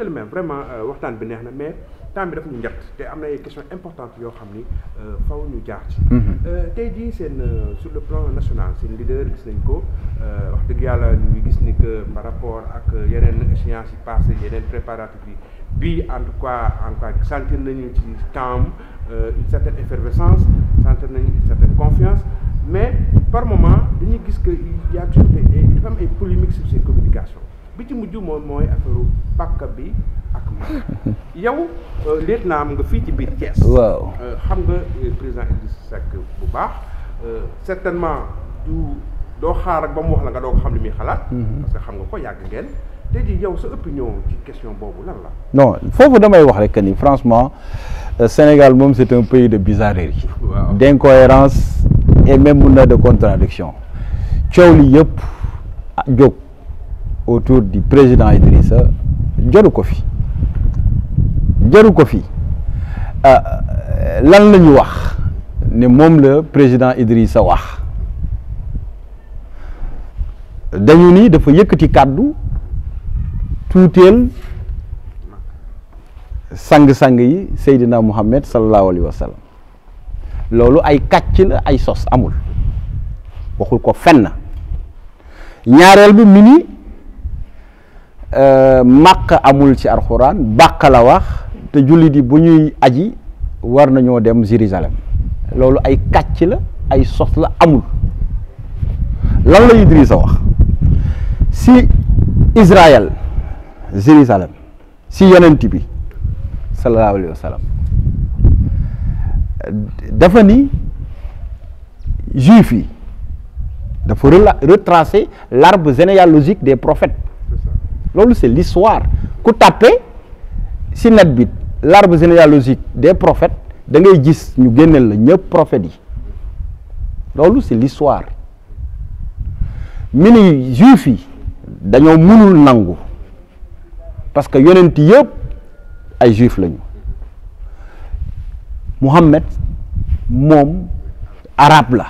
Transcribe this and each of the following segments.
monsieur le maire vraiment euh, waxtaan bi neex na mais temps bi daf ñu njëkk te am na ay questions importantes yoo xam ni euh, faw ñu jaar ci. Mhm. Euh, tey jii seen sur le plan national seen leader gis nañ ko wax dëgg yàlla ñu ngi gis ni que par rapport ak yeneen échéances yi passé yeneen préparatifs yi bii en tout cas en tout cas sentir nañu ci temps Euh, une certaine effervescence sentir nañu une certaine confiance mais par moment dañuy gis que y a toujours dafa am des polémiques sur seen communication bi ci mujj moy mooy affaire pàkk bi ak ma yow euh, léegi naa nga fi ci bir Thiès. waaw euh, xam nga euh, président Idrissa Seck bu baax certainement du do xaar ak bam wax la nga do xam li muy xalaat. Mhm. parce que xam nga ko yàgg ngeen. léegi yow sa opinion ci question bobu lan la. non fofu damay wax rek que ni franchement Sénégal mom c'est un pays de bizarrerie. d'incohérence et même mun de contradiction ciow li yep ah, jóg autour du président Idrissa jaru ko fi jaru ko fi ah, lan la ñu wax ne mom le président Idrissa wax dañu ni dafa yëkëti kàddu tuuteel sang-sang yi Seydina Muhammad sallallahu alayhi wa sallam loolu ay katch la ay sos amul waxul ko fenn Ñaarël bi mini Euh, màq amul ci alxuraan bàq la wax te jullit yi bu ñuy aji war nañoo dem Jérusalem loolu ay kàcc la ay sos la amul lan la Idrissa wax si Israël Jérusalem si yonent bi sallallahu alayhi wa sallam dafa ni juif yi dafa retracé l'arbre généalogique des prophètes loolu c'est l'histoire ku tàppe si net bi l'arbre généalogique des profet da ngay gis ñu génneel la ñëpp profet yi loolu c'est l'histoire mi ni juif yi dañoo mënul nangu parce que yonent yëpp ay juif lañu Muhammad moom arabe la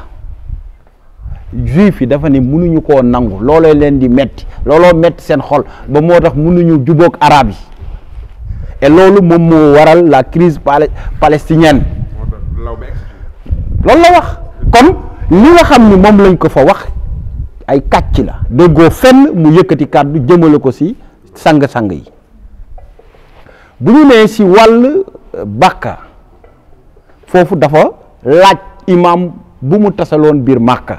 juif yi dafa ne munuñu koo nangu looloo leen di metti looloo metti seen xol ba moo tax munuñu jubook araab yi et loolu moom moo waral la crise palestinienne loolu la wax kon li nga xam ni moom lañ ko fa wax ay kàcc la déggoo fenn mu yëkkati kàddu jëmale ko si sang-sang yi bu ñu nee si wàll euh, bàkka foofu dafa laaj imam bu mu tasaloon biir màkka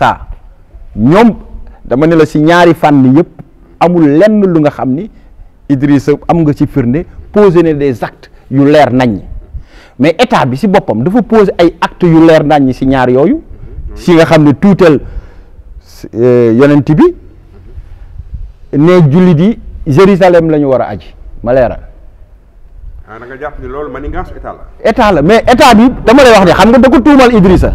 ça ñoom dama ne la si ñaari fànn yëpp amul lenn lu nga xam ni Idrissa am nga si firnde posé ne des actes yu leer nañ mais état bi si boppam dafa posé ay actes yu leer naññ si ñaar yooyu si nga xam ne tuutal euh, yonent bi ne jullit yi Jérusalem la ñu war a aji ma leeral. ah da nga jàpp ni loolu manigance état la. la mais état bi dama lay wax ne xam nga da ko tuumal Idrissa.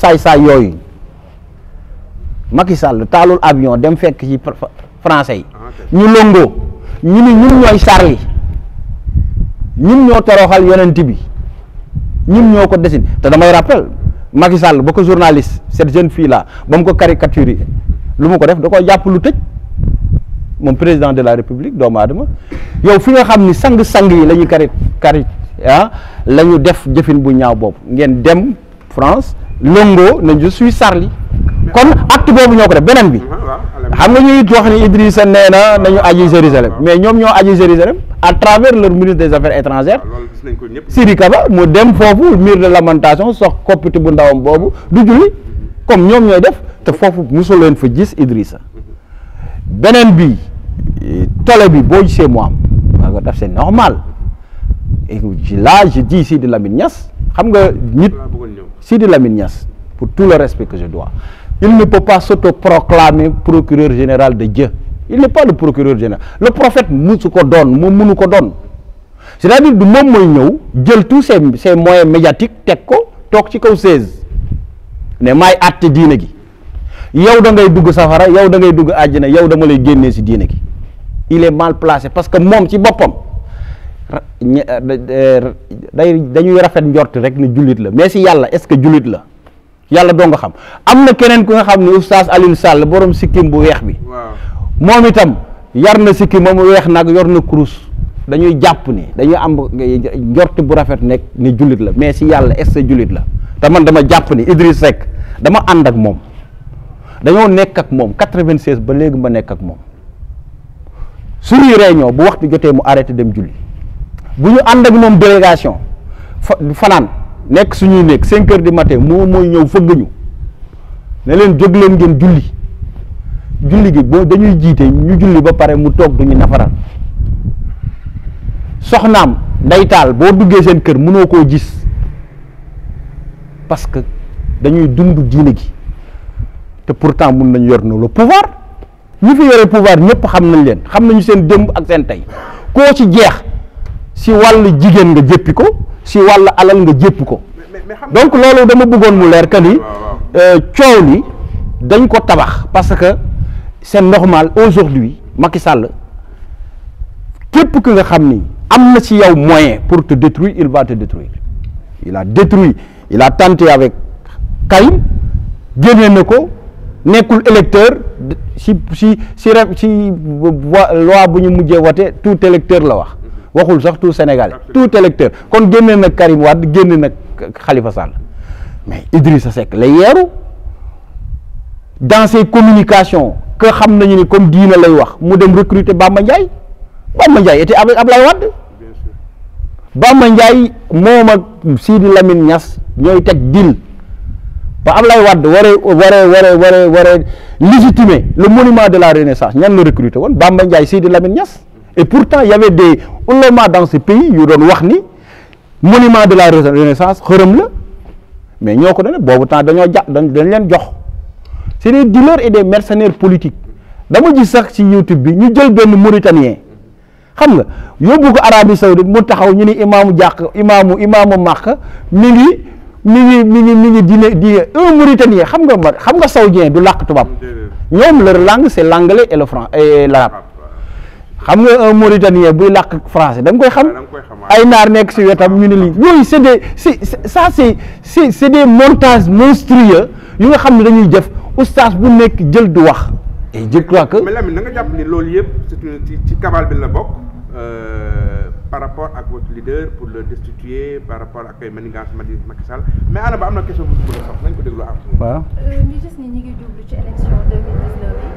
saay-saay yoy Macky Sall talul avion dem fekk ci français yi ah, ñu lëngoo ñu ni ñun ñooy Charlie ñun ñoo toroxal yonenti bi ñun ñoko ko desin te damay rappel Macky Sall ba journaliste cette jeune fille là bam ko caricaturé lu mu ko def dako japp lu tëj mon président de la république doomu aadama yow fi nga xamni ni sang-sang yi lañu ñuy cari ya ah def jëfine bu ñaaw bop ngeen dem France Longo, je suis Sarli comme acte de ñoo def mhm, xam nga ñuy Idrissa ah, aji Jérusalem mais ñom ñoo aji Jérusalem à travers leur ministre des affaires étrangères ah, Siri Kaba mo dem fofu mur de lamentation sox koppite bu ndawam Bobu? du julli comme ñom ñoy def te vous, musul leen fa gis Idrissa bi tole bi c'est normal et là je dis ici de la xam nga nit Sidi Lamignas, pour tout le respect que je dois, il ne peut pas s'autoproclamer procureur général de Dieu. Il n'est pas le procureur général. Le prophète Moussouko donne, Moumouko donne. C'est-à-dire que nous tous ces, moyens médiatiques, ci 16. Ne may gi yow da ngay dugg safara yow da ngay dugg yow dama lay gi il est mal placé parce que mom ci Eh, eh, day dañuy rafet njort rek ne jullit la mais si yàlla est-ce que jullit la yàlla doo nga xam am na keneen ku nga xam ne oustaz Alioune Sall borom sikkim bu weex bi moom itam yar na sikkim moom weex nag yor na kurus dañuy jàpp ni dañuy am njort bu rafet nekk ni jullit la mais si yàlla est-ce jullit la te man dama jàpp ni Idriss Seck dama ànd ak moom dañoo nekk ak moom 96 ba léegi ma nekk ak moom suñuy réunion bu waxtu jotee mu arrêté dem julli Vous vous ak mom délégation fa nek suñuy cinq heures du matin mo moy ne leen de ngeen julli julli gi bo dañuy jité ñu julli ba paré mu tok duñu nafaral soxnam bo duggé seen kër mëno ko gis parce que dañuy dundu diiné gi pourtant mën nañ le pouvoir ñi fi le pouvoir ñëpp xam nañ leen xam nañu seen demb ak si wàllu jigen nga jéppi si on alal nga jépp donc loolu dama bëggoon mu leer que ni euh, coow li dañ ko tabax parce que c'est normal aujourd'hui Macky Sall képp ki nga xamni amna ci yow moyen pour te détruire il va te détruire il a détruit il a tenté avec Kayim génne nako nekul électeur si si si si loi buñu mujjé mujjee tout électeur la wax waxul sax tout Sénégal tout électeur kon génne nak Karim wad génne nak Khalifa Sall mais Idrissa Seck lay yeeru dans ses communications que xamnañu ni comme diina lay wax mu dem recruter Bamba Ndiaye Bamba Ndiaye était avec Ablaye Wade Bamba Ndiaye moom ak Sidi Lamine Niass ñoy tek dil ba Ablaye wad waré waré waré waré waré légitimer le monument de la Renaissance ñan le recruter won Bamba Ndiaye Sidi Lamine Niass et pourtant, il y avait des ulama dans ce pays, ils ont wahni, monument de la Renaissance, mais ils ont donné, C'est des dealers et des mercenaires politiques. Dans gis sax ci youtube bi ñu jël mauritaniens mauritanien xam nga arabes ko Arabie Saoudite mu taxaw ñu ni imaamu jàq imam imaamu màq mi des mi ngi mi di un mauritanien xam nga xam nga saoudien du làkk tubab leur langue c'est l'anglais et le français et l'arabe xam nga un Mauritanien buy làkk français da koy xam ay nar nek ci wétam ñu ni lii yooyu c'est des ça c'est c'est des montages monstrueux yu nga xam ni dañuy def oustaz bu nek jël du wax et je crois que. mais Lamine nga japp ni loolu yëpp ci ci cabale bi la bok euh par rapport à votre leader pour le destituer par rapport ak ay manigances Macky Sall mais ana ba amna question bu ñu ko doon nañ ko déglu am. waaw. Euh, ñu gis ni ñi ngi jublu ci élection 2019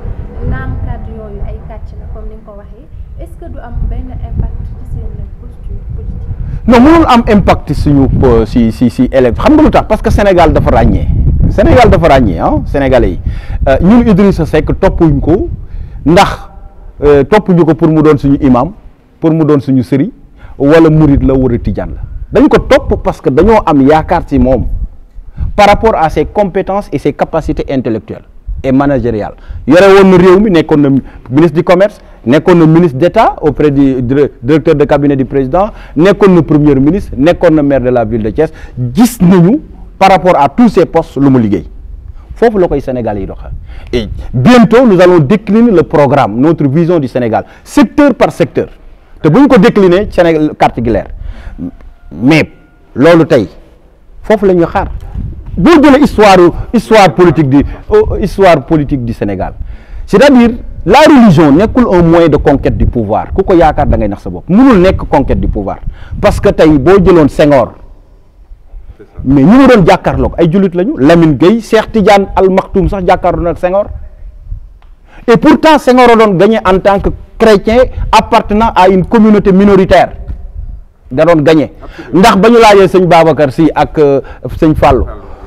naam kàddu yooyu ay kàcc la comme ni nga ko waxee est-ce que du am benn impact ci seen posture politique. non mënul am impact suñu si euh, si si élevé. xam nga lu tax parce que Sénégal dafa ràññee Sénégal dafa ràññee ah sénégalais yi euh, ñun Idrissa Seck toppuñ ko ndax euh, toppuñu ko pour mu doon suñu imam pour mu doon suñu sëriñ wala murid la wala tijaan la dañ ko topp parce que dañoo am yaakaar ci moom par rapport à ses compétences et ses capacités intellectuelles et managériale Il y a une réunion, ministre du commerce le na ministre d'État auprès du directeur de cabinet du président le na premier ministre le maire de la ville de Thiès gis nous par rapport à tous ces postes lu mu liggéey le la koy Sénégal et bientôt nous allons décliner le programme notre vision du Sénégal secteur par secteur te bu décliner Sénégal carte glaire. mais est, tey foofu la ñuy xaar boo jëlee histoire histoire politique du euh, histoire politique du Sénégal c'est-à-dire la religion nekkul un moyen de conquête du pouvoir ku ko da ngay nax sa bop? mënul nek conquête du pouvoir parce que tay bo jëloon Senghor mais ñu mu doon jàkkaarloog ay julit lañu Lamine Gueye Cheikh Tidiane Al Maktoum sax jàkkaarloo nak Senghor et pourtant Senghor doon gagner en tant que chrétien appartenant à une communauté minoritaire da doon gagner. ndax bañu ñu Seigne Babacar si ak euh, Seigne Fallou